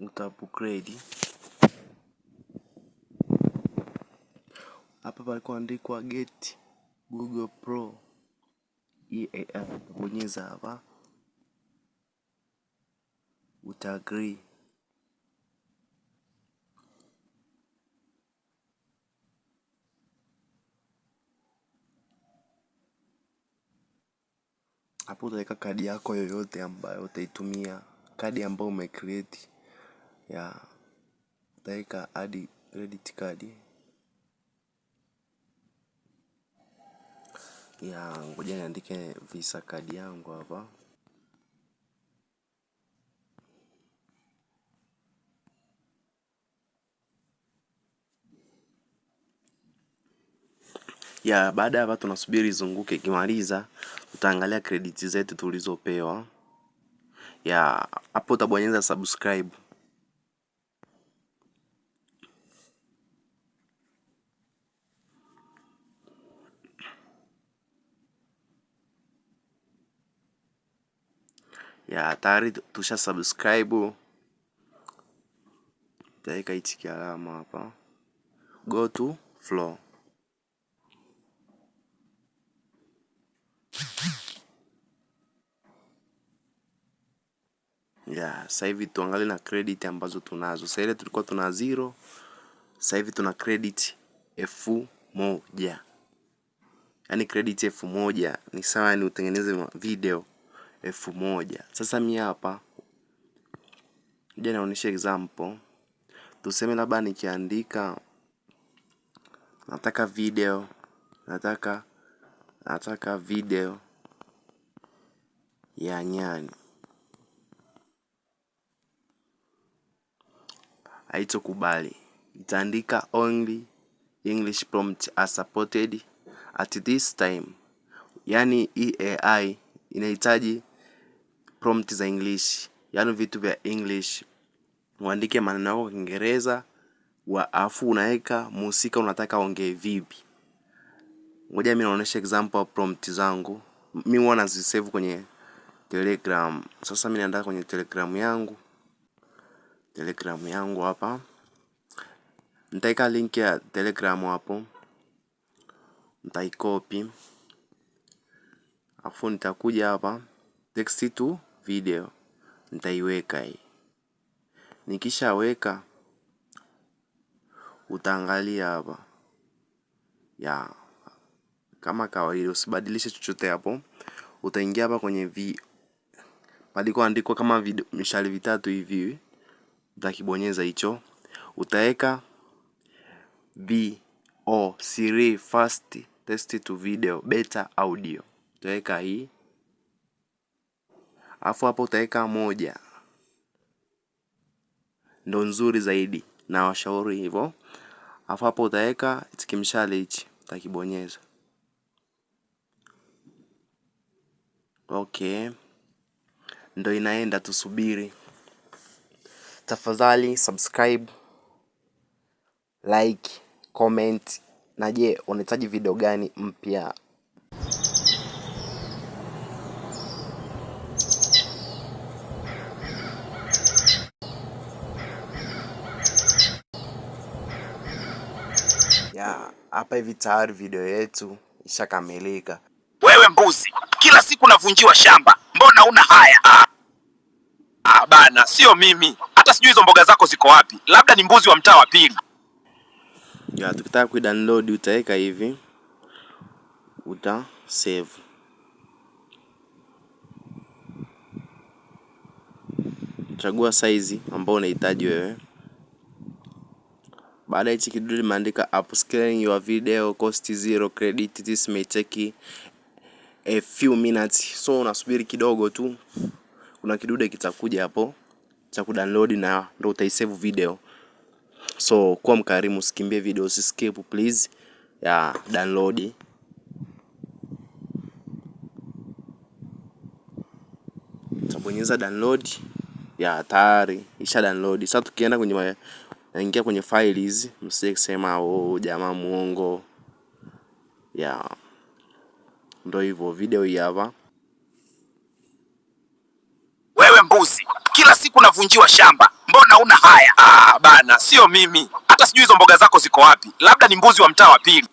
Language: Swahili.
nita upgrade. Hapa palikoandikwa get Google Pro EAR, utabonyeza hapa, uta agree hapo utaweka kadi yako yoyote ambayo utaitumia, kadi ambayo umecreate ya Taica hadi credit card ya ngoja niandike visa kadi yangu hapa ya baada ya hapa tunasubiri izunguke. Ikimaliza utaangalia krediti zetu tulizopewa. Ya hapo utabonyeza subscribe. ya tayari tusha subscribe utaweka hichi kialama hapa go to flow ya sasa hivi tuangalie na credit ambazo tunazo. Sasa ile tulikuwa tuna zero, sasa hivi tuna credit elfu moja. Yaani credit elfu moja ni sawa, ni yaani utengeneze video elfu moja. Sasa mi hapa ja naonyesha example, tuseme labda nikiandika nataka video, nataka nataka video ya nyani haitokubali, itaandika only English prompt are supported at this time, yani hii AI inahitaji prompt za English, yaani vitu vya English. Uandike maneno yako kwa Kiingereza alafu unaweka mhusika unataka ongee vipi. Ngoja mimi naonesha example prompt zangu. Mimi huwa nazisave kwenye Telegram. Sasa mimi naenda kwenye Telegram yangu. Telegram yangu hapa. Nitaika link ya Telegram hapo. Nitaikopi afu nitakuja hapa text to video nitaiweka hii. Nikishaweka utaangalia hapa ya kama kawaida, usibadilishe chochote hapo. Utaingia hapa kwenye vi paliko andiko kama video mishale vitatu hivi, utakibonyeza hicho, utaweka vo siri fast test to video beta audio utaweka hii, alafu hapo utaweka moja, ndo nzuri zaidi na washauri hivyo. Alafu hapo utaweka kimshale hichi, utakibonyeza okay. Ndo inaenda, tusubiri. Tafadhali subscribe, like, comment na je, unahitaji video gani mpya? ya hapa hivi tayari video yetu ishakamilika. Wewe mbuzi, kila siku navunjiwa shamba, mbona una haya? Ah, ah bana, sio mimi. Hata sijui hizo mboga zako ziko wapi, labda ni mbuzi wa mtaa wa pili. Ya, tukitaka kuidownload utaweka hivi, uta save chagua saizi ambayo unahitaji wewe. Baada ya hichi kidude limeandika upscaling your video cost zero credit this may take a few minutes. So unasubiri kidogo tu, kuna kidude kitakuja hapo cha kudownload na ndio utaisave video. So kuwa mkarimu, usikimbie video, usiskip please ya download Tabonyeza download ya tayari isha download. Sasa tukienda kwenye naingia kwenye faili hizi, msije kusema oh, jamaa muongo ya yeah. Ndo hivyo video hii hapa. Wewe mbuzi, kila siku navunjiwa shamba, mbona una haya? Ah, bana, sio mimi. Hata sijui hizo mboga zako ziko wapi, labda ni mbuzi wa mtaa wa pili.